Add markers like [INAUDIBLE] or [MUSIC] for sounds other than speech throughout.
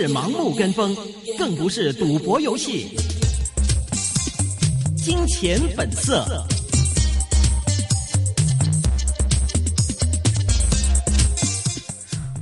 是盲目跟風，更不是賭博遊戲，金錢本色。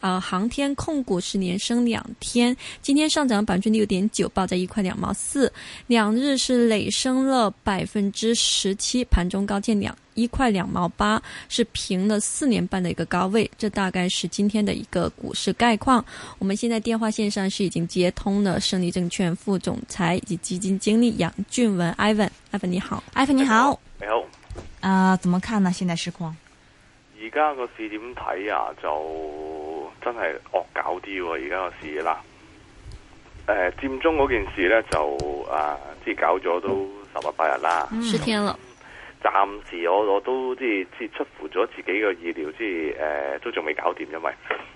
啊、呃，航天控股是連升兩天，今天上漲百分之六點九，報在一塊兩毛四，兩日是累升了百分之十七，盤中高見兩一塊兩毛八，是平了四年半的一個高位。這大概是今天的一個股市概況。我們現在電話線上是已經接通了勝利證券副總裁以及基金經理楊俊文，Ivan，Ivan 你好，Ivan 你好，你好，啊、呃，怎麼看呢？現在市況？而家個市點睇啊？就.真係惡搞啲，而家個事啦。誒、呃，佔中嗰件事咧就啊，即係搞咗都十日八日啦、嗯。十天嗯。暫時我我都即係即係出乎咗自己嘅意料，即係誒都仲未搞掂，因為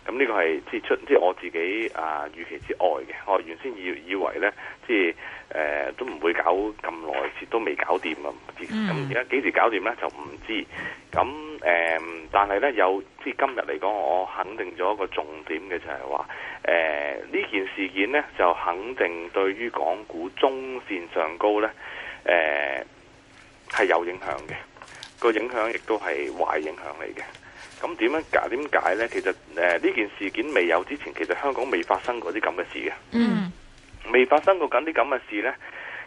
咁呢、嗯這個係即係出即係我自己啊預期之外嘅。我原先以以為咧，即係誒都唔會搞咁耐，至都未搞掂啊！咁而家幾時搞掂咧？就唔知、嗯、知。咁誒，但係咧有即係今日嚟講，我肯定咗一個重點嘅就係話，誒、呃、呢件事件咧就肯定對於港股中線上高咧誒。呃係有影響嘅，個影響亦都係壞影響嚟嘅。咁點樣解？點解呢？其實誒呢、呃、件事件未有之前，其實香港未發生過啲咁嘅事嘅。嗯。未發生過咁啲咁嘅事呢，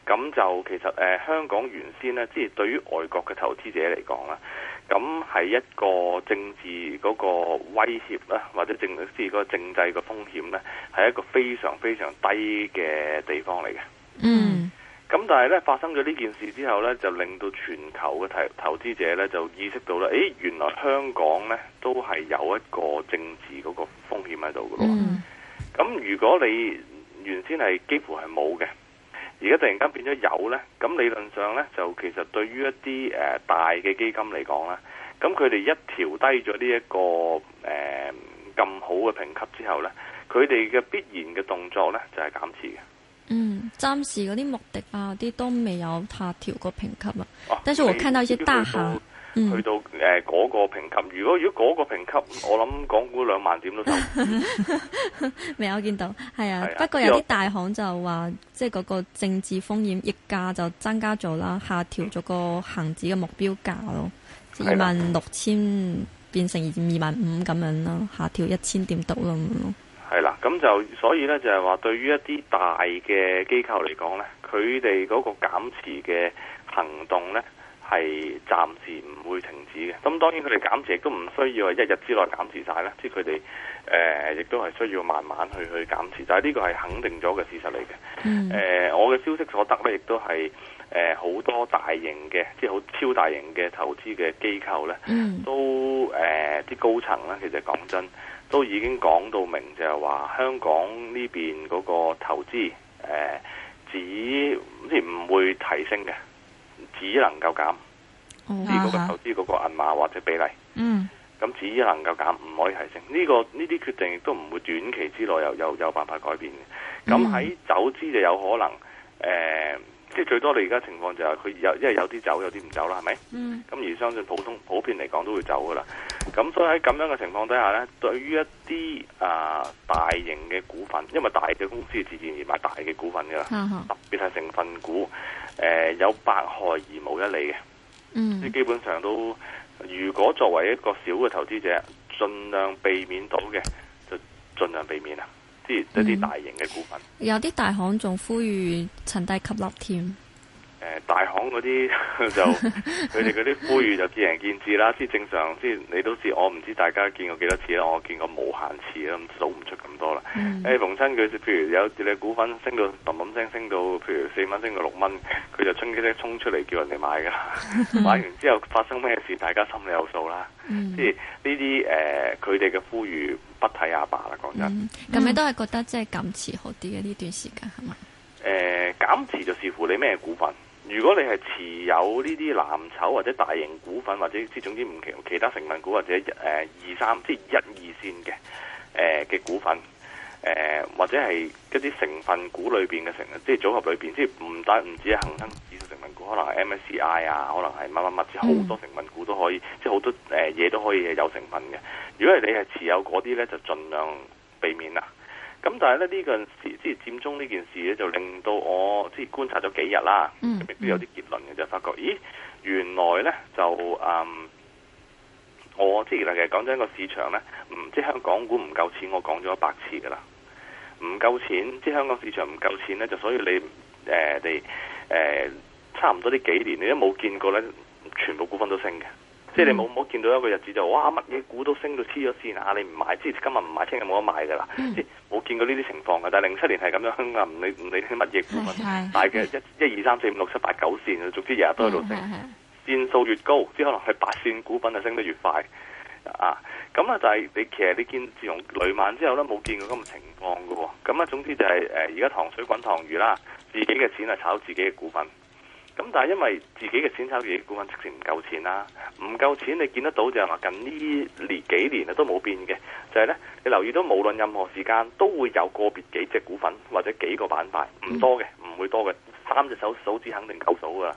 咁就其實誒、呃、香港原先呢，即係對於外國嘅投資者嚟講啦，咁係一個政治嗰個威脅啦，或者政即係個政制嘅風險呢，係一個非常非常低嘅地方嚟嘅。嗯。咁但係咧發生咗呢件事之後咧，就令到全球嘅投投資者咧就意識到啦誒，原來香港咧都係有一個政治嗰個風險喺度㗎咯。咁、嗯、如果你原先係幾乎係冇嘅，而家突然間變咗有咧，咁理論上咧就其實對於一啲誒、呃、大嘅基金嚟講咧，咁佢哋一調低咗呢一個誒咁、呃、好嘅評級之後咧，佢哋嘅必然嘅動作咧就係減持嘅。嗯，暫時嗰啲目的啊啲都未有下調個評級啊，啊，但是我看到一些大行，嗯，去到誒個評級，如果如果個評級， [LAUGHS] 我諗港股兩萬點都收，未 [LAUGHS] 有見到，係啊，啊，不過有啲大行就話，即，就，係，是，個政治風險溢價就增加咗啦，下調咗個恒指嘅目標價咯，二萬六千變成二萬五咁樣咯，下調一千點到咯。係啦，咁就所以咧，就係話對於一啲大嘅機構嚟講咧，佢哋嗰個減持嘅行動咧，係暫時唔會停止嘅。咁當然佢哋減持亦都唔需要係一日之內減持晒啦。即係佢哋誒，亦、呃、都係需要慢慢去去減持。但係呢個係肯定咗嘅事實嚟嘅。誒、mm. 呃，我嘅消息所得咧，亦都係誒好多大型嘅，即係好超大型嘅投資嘅機構咧，mm. 都誒啲、呃、高層咧，其實講真。都已經講到明就是說，就係話香港呢邊嗰個投資誒，只、呃、唔會提升嘅，只能夠減。而嗰個投資嗰個銀碼或者比例，啊、嗯，咁只能夠減，唔可以提升。呢、這個呢啲決定亦都唔會短期之內有有有辦法改變嘅。咁喺走資就有可能，誒、呃，即係最多你而家情況就係佢有，因為有啲走，有啲唔走啦，係咪？嗯。咁而相信普通普遍嚟講都會走㗎喇。咁、嗯、所以喺咁樣嘅情況底下呢，對於一啲啊、呃、大型嘅股份，因為大嘅公司自然而買大嘅股份噶啦，特別係成分股、呃，有百害而無一利嘅。呢、嗯、基本上都如果作為一個小嘅投資者，盡量避免到嘅就盡量避免啦，即係一啲大型嘅股份。嗯、有啲大行仲呼籲趁低吸納添。誒、呃，大行嗰啲 [LAUGHS] 就佢哋嗰啲呼籲就見仁見智啦，即 [LAUGHS] 係正常，即係你都知，我唔知大家見過幾多次啦，我見過無限次啦，數唔出咁多啦。誒、嗯，逢親佢，譬如有啲股份升到嘭嘭聲升到，譬如四蚊升到六蚊，佢就衝擊咧衝出嚟叫人哋買噶、嗯，買完之後發生咩事，大家心裏有數啦。即係呢啲誒，佢哋嘅呼籲不提也罷啦，講真。咁、嗯、你、嗯嗯、都係覺得即係減持好啲嘅呢段時間係嘛？誒，減、呃、持就視乎你咩股份。如果你係持有呢啲藍籌或者大型股份，或者即係總之唔其其他成分股或者誒、呃、二三即係、就是、一二線嘅誒嘅股份，誒、呃、或者係一啲成分股裏邊嘅成即係、就是、組合裏邊，即係唔單唔止係恒生指數成分股，可能係 MSCI 啊，可能係乜乜乜，即係好多成分股都可以，即係好多誒嘢、呃、都可以有成分嘅。如果係你係持有嗰啲咧，就儘量避免啦。咁但係咧呢、陣時即係佔中呢件事咧，就令到我即係觀察咗幾日啦，未必有啲結論嘅就發覺，咦，原來咧就嗯，我即係其實講一個市場咧，唔知香港股唔夠錢，我講咗一百次噶啦，唔夠錢，即係香港市場唔夠錢咧，就所以你誒，你誒、呃，差唔多呢幾年你都冇見過咧，全部股份都升嘅。嗯、即係你冇冇見到一個日子就哇乜嘢股都升到黐咗線啊！你唔買，即係今日唔買，聽日冇得買噶啦。冇、嗯、見過呢啲情況噶，但係零七年係咁樣啊！唔理唔理啲乜嘢股份，大嘅一、一二、三四、五六、七八、九線，總之日日都喺度升是是是是，線數越高，即係可能係八線股份就升得越快啊！咁咧就係你其實你見自從雷曼之後咧，冇見過咁嘅情況噶喎。咁啊，總之就係誒而家糖水滾糖魚啦，自己嘅錢係炒自己嘅股份。咁但係因為自己嘅錢炒嘅股份即、啊，即使唔夠錢啦，唔夠錢你見得到就係話近呢年幾年啊都冇變嘅，就係、是、呢，你留意到無論任何時間都會有個別幾隻股份或者幾個板塊唔多嘅，唔會多嘅，三隻手手指肯定夠數噶啦，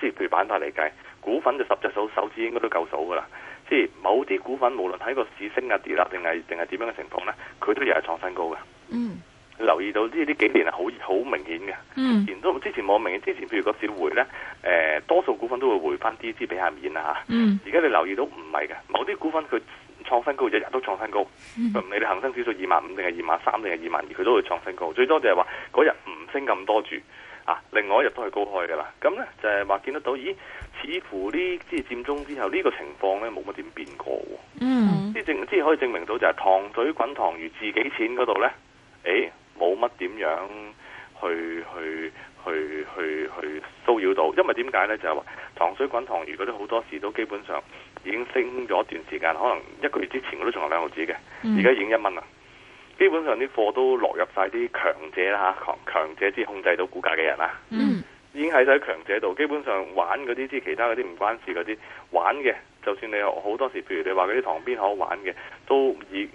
誒即係譬如板塊嚟計，股份就十隻手手指應該都夠數噶啦，即係某啲股份無論喺個市升啊跌啦，定係定係點樣嘅情況呢，佢都又係創新高嘅。嗯。留意到呢呢幾年係好好明顯嘅、嗯，之前都之前冇明顯，之前譬如嗰次回咧，誒、呃、多數股份都會回翻啲資俾下面啦。而家你留意到唔係嘅，某啲股份佢創新高，日日都創新高。唔、嗯、理你恆生指數二萬五定係二萬三定係二萬二，佢都會創新高。最多就係話嗰日唔升咁多住啊，另外一日都係高開㗎啦。咁咧就係話見得到，咦？似乎呢即係佔中之後呢、呢個情況咧冇乜點變過。嗯，即係可以證明到就係糖水滾糖漿自己錢嗰度咧，欸冇乜點樣去去去去去，去騷擾到，因為點解呢？就係話塘水滾塘魚嗰啲好多時都基本上已經升咗段時間，可能一個月之前我都仲有兩毫子嘅，嗯，而家已經一蚊啦。基本上啲貨都落入晒啲強者啦，吓，強強者先控制到股價嘅人啦，嗯，已經喺晒強者度。基本上玩嗰啲即係其他嗰啲唔關事嗰啲玩嘅，就算你好多時，譬如你話嗰啲塘邊可玩嘅，都以。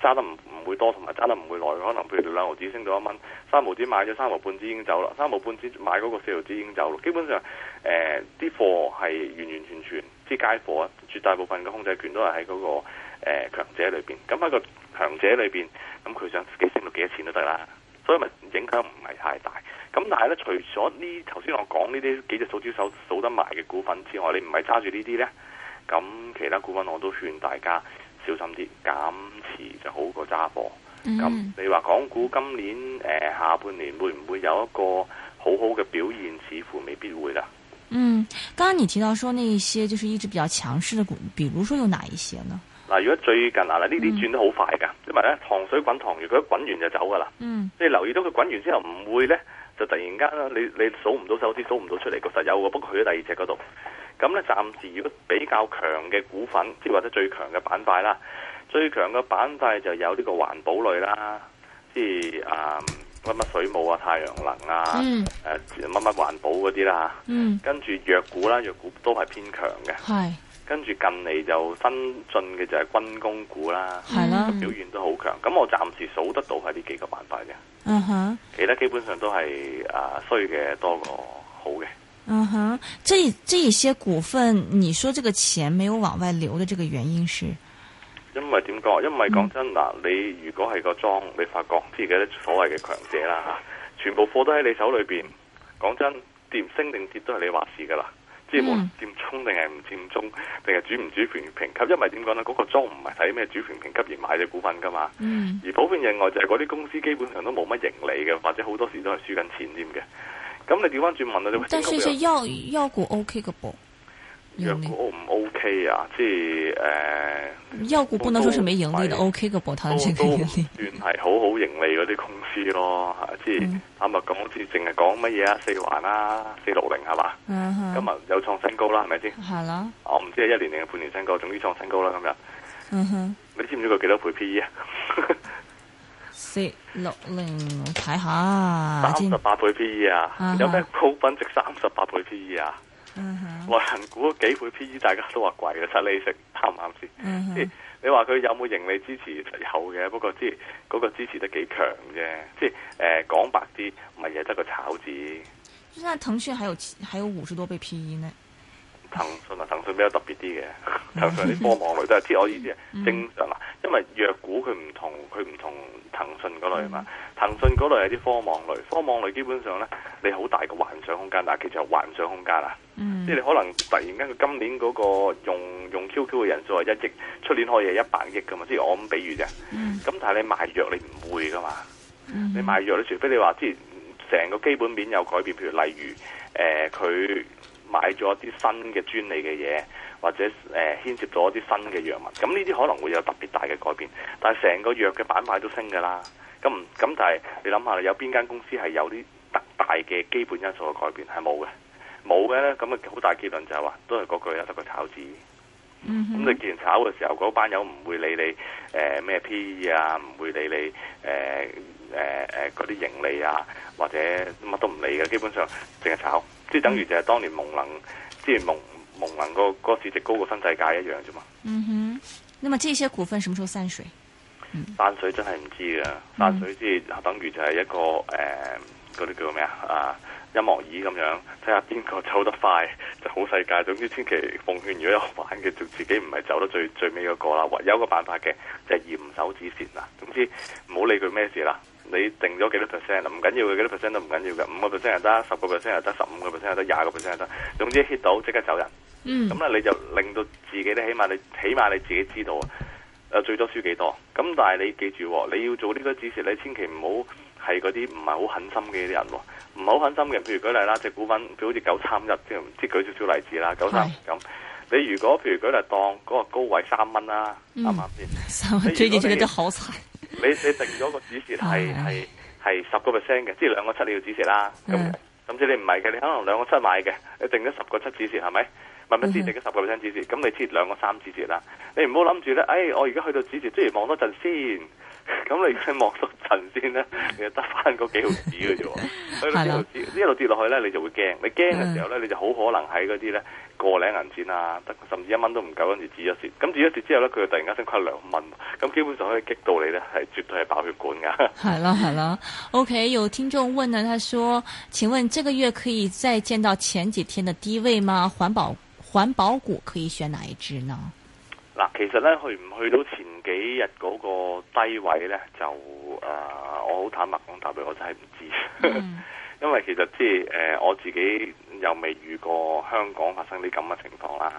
揸得唔唔會多，同埋揸得唔會耐，可能譬如兩毫紙升到一蚊，三毫紙買咗三毫半紙已經走啦，三毫半紙買嗰個四毫紙已經走啦。基本上，誒、呃、啲貨係完完全全啲街貨啊，絕大部分嘅控制權都係喺嗰個強者裏面。咁喺個強者裏面，咁佢想自己升到幾多錢都得啦，所以咪影響唔係太大。咁但係咧，除咗呢頭先我講呢啲幾隻數字手數得埋嘅股份之外，你唔係揸住呢啲咧，咁其他股份我都勸大家。小心啲，減持就好過揸貨。咁、嗯、你話港股今年、呃、下半年會唔會有一個好好嘅表現？似乎未必會啦。嗯，剛剛你提到說，那一些就是一直比較強勢嘅股，比如說有哪一些呢？嗱，如果最近啊，嗱呢啲轉得好快㗎，因為咧糖水滾糖魚，佢一滾完就走㗎啦。嗯，你留意到佢滾完之後唔會咧，就突然間你你數唔到手指，數唔到出嚟，確實有喎，不過去咗第二隻嗰度。咁咧，暫時如果比較強嘅股份，即係或者最強嘅板塊啦，最強嘅板塊就有呢個環保類啦，即係啊乜乜水母啊、太陽能啊，乜、嗯、乜、呃、環保嗰啲啦嚇。嗯。跟住弱股啦，弱股都係偏強嘅。係。跟住近嚟就新進嘅就係軍工股啦，係啦、啊，表現都好強。咁我暫時數得到係呢幾個板塊嘅，嗯，係。其他基本上都係啊、呃、衰嘅多過好嘅。嗯、uh、哼 -huh.，這這些股份，你說這個錢沒有往外流的這個原因是，因為點講？因為講真嗱、嗯，你如果係個莊，你發覺自己所謂嘅強者啦吓，全部貨都喺你手裏邊。講真，跌升定跌都係你話事噶啦，即係冇佔中定係唔佔中，定係主唔主權評級？因為點講呢？嗰、那個莊唔係睇咩主權評級而買隻股份噶嘛。嗯。而普遍認為就係嗰啲公司基本上都冇乜盈利嘅，或者好多時都係輸緊錢添嘅。咁你調翻轉問啊？但係一些藥藥股 O K 嘅噃。藥股 O 唔 O K 啊？即係誒，藥、呃、股不能說是冇盈利就 O K 嘅噃？都、OK、都算係好好盈利嗰啲公司咯，即係啱啱講，好似淨係講乜嘢啊？四環啊，四六零係嘛？咁啊、嗯、有創新高啦，係咪先？係、嗯、啦。我唔知係一年定係半年新高，總之創新高啦咁樣，嗯哼。你知唔知佢幾多倍 P E 啊？ [LAUGHS] 四六零睇下、啊，三十八倍 P E 啊，啊有咩高分值三十八倍 P E 啊？外行估幾倍 P E，大家都話貴嘅，七、啊、厘息，啱唔啱先？即係你話佢有冇盈利支持，有嘅，不過即係嗰個支持得幾強啫。即係誒，講、呃、白啲，唔係嘢得個炒字。就算騰訊還有還有五十多倍 P E 呢？騰訊啊，騰訊比較特別啲嘅，騰訊啲科網類都係，即係我意思係、 [LAUGHS] 嗯嗯、正常啦、啊。因為藥股佢唔同，佢唔同騰訊嗰類啊嘛。騰訊嗰類係啲科網類，科網類基本上咧，你好大個幻想空間，但係其實係幻想空間啦。即、嗯、係你可能突然間佢今年嗰個用用 QQ 嘅人數係一億，出年可以係一百億噶嘛？即係我咁比喻啫。咁、嗯、但係你賣藥你唔會噶嘛、嗯？你賣藥你除非你話，即係成個基本面有改變，譬如例如誒佢。呃買咗啲新嘅專利嘅嘢，或者誒、呃、牽涉咗啲新嘅藥物，咁呢啲可能會有特別大嘅改變。但係成個藥嘅版塊都升㗎啦。咁咁，但係你諗下，有邊間公司係有啲特大嘅基本因素嘅改變？係冇嘅，冇嘅咧。咁啊，好大結論就係、是、話，都係嗰句就得個炒字。嗯咁、mm -hmm. 你既然炒嘅時候，嗰班友唔會理你誒咩 P E 啊，唔會理你誒。呃嗰啲盈利啊，或者乜都唔理嘅，基本上淨係炒，即係等於就係當年蒙能，即係蒙蒙能個市值高過新世界一樣啫嘛。嗯哼，咁呢些股份什麼時候散水？散水真係唔知噶，散水即係等於就係一個誒嗰啲叫咩啊？啊，音樂椅咁樣睇下邊個走得快就好世界。總之千，千祈奉勸，如果有玩嘅，就自己唔係走得最最尾一個啦。唯有一個辦法嘅就係嚴守止蝕啦。總之，唔好理佢咩事啦。你定咗幾多 percent 唔緊要嘅，幾多 percent 都唔緊要嘅。五個 percent 又得，十個 percent 又得，十五個 percent 又得，廿個 percent 又得。總之 hit 到即刻走人。嗯。咁咧你就令到自己咧，起碼你起碼你自己知道，最多輸幾多。咁但係你記住喎，你要做呢個指示，你千祈唔好係嗰啲唔係好狠心嘅啲人喎，哦。唔好狠心嘅人，譬如舉例啦，隻股份，譬如好似九三一，即係唔知舉少少例子啦，九三咁。你如果譬如舉例當嗰個高位三蚊啦，啱啱先？三蚊 [LAUGHS] 最近都好你你定咗個止蝕係係係十個 percent 嘅，即係兩個七你要止蝕啦。咁咁即係你唔係嘅，你可能兩個七買嘅，你定咗十個七止蝕係咪？萬不思定咗十個 percent 止蝕，咁你切兩個三止蝕啦。你唔好諗住咧，誒、哎、我而家去到止蝕，即如望多陣先。咁你望多陣先咧，你就得翻個幾毫子嘅啫。一 [LAUGHS] 路跌一路跌落去咧，你就會驚。你驚嘅時候咧，你就好可能喺嗰啲咧。過兩個零銀錢啊，甚至一蚊都唔夠，跟住止咗蝕，咁止咗蝕之後咧，佢又突然間升翻兩蚊，咁基本上可以激到你咧，係絕對係爆血管㗎。係囉，係囉，OK，有聽眾問呢，佢話：請問這個月可以再見到前幾天嘅低位嗎？環保環保股可以選哪一支呢？嗱，其實咧，去唔去到前幾日嗰個低位咧，就誒、呃，我好坦白講答你，我真係唔知道。 [LAUGHS] 嗯因為其實即係誒，我自己又未遇過香港發生啲咁嘅情況啦。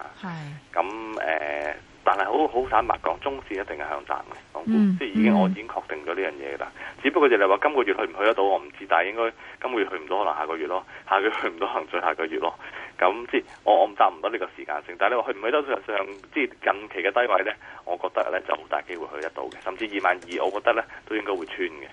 咁誒，但係好好坦白講，中線一定係向站嘅港股、嗯，即係已經我已經確定咗呢樣嘢啦。只不過就你話今個月去唔去得到，我唔知。但係應該今個月去唔到，可能下個月咯，下個月去唔到，可能再下個月咯。咁即係我我唔答唔到呢個時間性。但係你話去唔去得上即係近期嘅低位呢？我覺得呢就好大機會去得到嘅。甚至二萬二，我覺得呢都應該會穿嘅。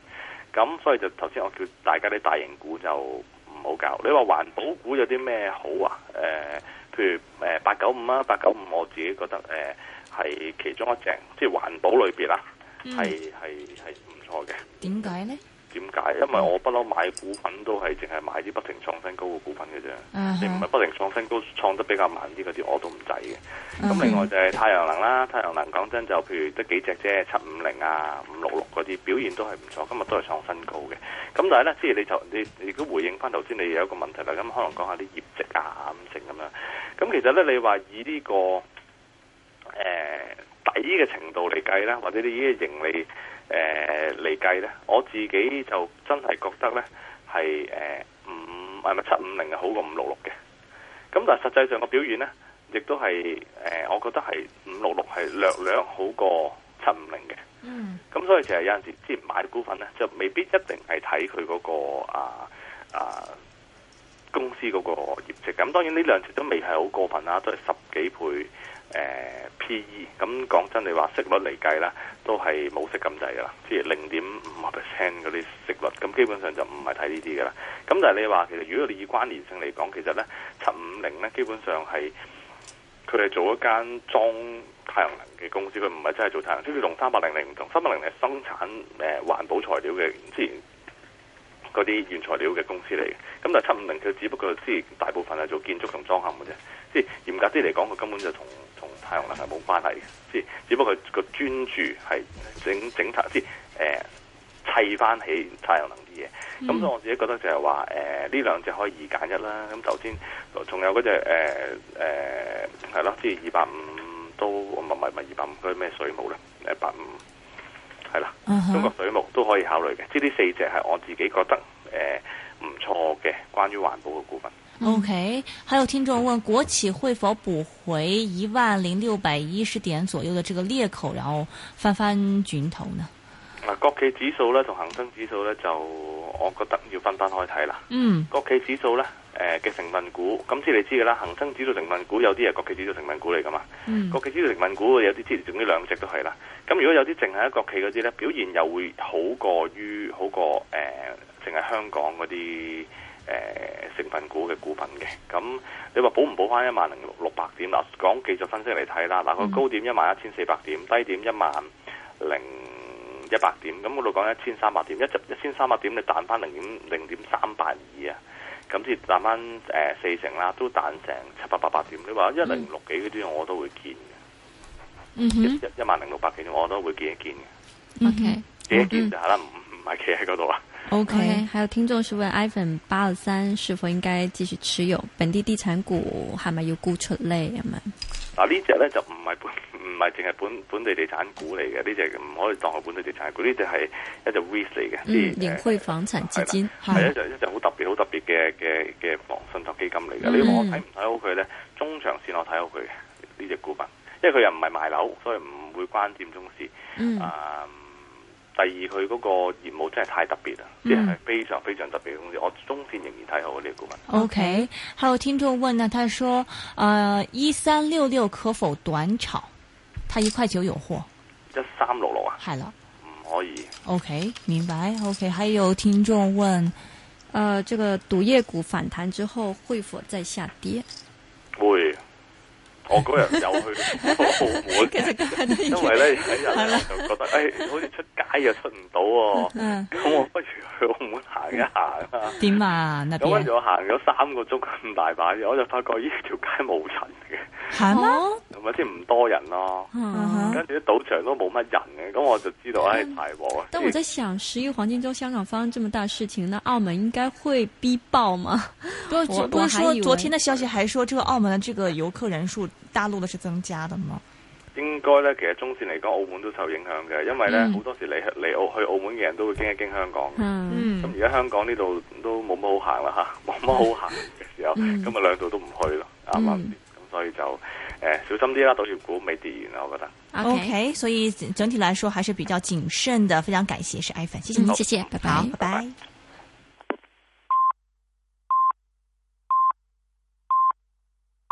咁所以就頭先我叫大家啲大型股就唔好搞。你話環保股有啲咩好啊？呃、譬如誒八九五啊，八九五我自己覺得係、呃、其中一隻，即係環保裏面啦，係係係唔錯嘅。點解咧？點解？因為我不嬲買股份都係淨係買啲不停創新高嘅股份嘅啫，你唔係不停創新高，創得比較慢啲嗰啲我都唔制嘅。咁另外就係太陽能啦，太陽能講真就譬如得幾隻啫，七五零啊、五六六嗰啲表現都係唔錯，今日都係創新高嘅。咁但係呢，即係你就你你都回應翻頭先，你有一個問題啦，咁可能講下啲業績啊五成咁樣。咁其實呢，你話以呢、這個誒、呃、底嘅程度嚟計咧，或者你已經盈利？誒、呃，嚟計呢,我自己就真係覺得呢係誒，唔係咪七五零係好過五六六嘅？咁但實際上個表現呢，亦都係誒、呃，我覺得係五六六係略略好過七五零嘅。嗯，咁所以其實有陣時之前買啲股份呢，就未必一定係睇佢嗰個啊啊。啊公司嗰個業績咁，當然呢兩隻都未係好過分啦，都係十幾倍 P E。咁、呃、講真，你話息率嚟計啦，都係冇息咁滯噶啦，即係零點五 percent 嗰啲息率。咁基本上就唔係睇呢啲噶啦。咁但係你話其實，如果你以關聯性嚟講，其實呢七五零呢，寧基本上係佢哋做一間裝太陽能嘅公司，佢唔係真係做太陽。即、跟佢同三百零零唔同，三百零零係生產誒環保材料嘅，之前。嗰啲原材料嘅公司嚟嘅，咁但係七五零佢只不過即係大部分係做建築同裝嵌嘅啫，即係嚴格啲嚟講，佢根本就同同太陽能係冇關係嘅，即係只不過佢個專注係整整拆即係誒砌翻起太陽能啲嘢。咁、嗯、所以我自己覺得就係話誒呢兩隻可以二揀一啦。咁頭先仲有嗰隻誒誒係咯，即係二百五都唔咪唔咪唔係二百五，佢啲咩稅務啦，誒百五。係啦，中國水務都可以考慮嘅，即係呢四隻係我自己覺得誒唔、呃、錯嘅關於環保嘅股份。O、okay, K，還有聽眾問國企會否補回一萬零六百一十點左右嘅這個裂口，然後翻翻轉頭呢？嗱，國企指數咧同恒生指數咧就我覺得要分翻開睇啦。嗯，國企指數咧。誒、呃、嘅成分股，咁即係你知嘅啦。恒生指數成分股有啲係國企指數成分股嚟噶嘛、嗯？國企指數成分股有啲，總之前仲啲兩隻都係啦。咁如果有啲淨係喺國企嗰啲咧，表現又會好過於好過誒，淨、呃、係香港嗰啲誒成分股嘅股份嘅。咁你話補唔補翻一萬零六百點嗱？講技術分析嚟睇啦，嗱，個高點一萬一千四百點，低點一萬零一百點，咁嗰度講一千三百點，一一千三百點你彈翻零點零點三百二啊！咁先彈返四成啦，都彈成七八八八點。你話一零六幾嗰啲，我都會見嘅。嗯哼，一一萬零六百幾點，1, 1, 多多我都會見一見嘅。O K，見一見就係啦，唔唔係企喺嗰度啦。O、okay, K，還有聽眾是問 iPhone 八二三是否應該繼續持有本地地產股，係咪要沽出咧？咁嗱，呢隻咧就唔係本唔係淨係本本地地產股嚟嘅，呢隻唔可以當係本地地產股，呢隻係一隻 REIT 嚟嘅。嗯，領匯房產基金係咧就一隻好特別好特別嘅嘅嘅房信託基金嚟嘅，嗯。你看我睇唔睇好佢咧？中長線我睇好佢呢隻股份，因為佢又唔係賣樓，所以唔會關佔中市。嗯。啊第二佢嗰個業務真係太特別啦，即、嗯、係非常非常特別嘅公司。我中線仍然睇好呢，啊這個股份。O、okay, K，還有聽眾問呢，啊、他說：，誒、呃，一三六六可否短炒？他一塊九有貨一三六六啊？係啦，唔可以。O、okay, K，明白。O、okay, K，還有聽眾問：，誒、呃，這個賭業股反彈之後會否再下跌？會。 [LAUGHS] 我嗰日又去咗澳門， [LAUGHS] 因為咧呢 [LAUGHS] 有一日我就覺得誒、 [LAUGHS] 哎，好似出街又出唔到喎，咁我不如去澳門行一行，啦。點啊？嗱，咁跟住我行咗三個鐘咁大把嘢，我就發覺呢條街冇人嘅，係 [LAUGHS] 咩、啊？同埋啲唔多人咯，跟住啲賭場都冇乜人嘅，咁我就知道喺排和。但我在想，十、嗯、一黃金周香港發生這麼大事情，那澳門應該會逼爆嘛？不， [LAUGHS] 不、就是說昨天的消息還說，這個澳門的這個遊客人數。大陸的是增加的嗎？應該咧，其實中線嚟講，澳門都受影響嘅，因為咧好、嗯、多時嚟嚟澳去澳門嘅人都會經一經香港的。嗯，咁而家香港呢度都冇乜好行啦吓，冇乜好行嘅、啊、時候，咁啊兩度都唔去咯，啱、嗯、啱？咁、嗯、所以就誒、呃、小心啲啦，到時股未跌完我覺得。O、okay. K，、okay. 所以整體來說還是比較謹慎嘅。非常感謝是，是 iPhone，謝謝你，謝謝，拜拜，拜拜。Bye bye bye bye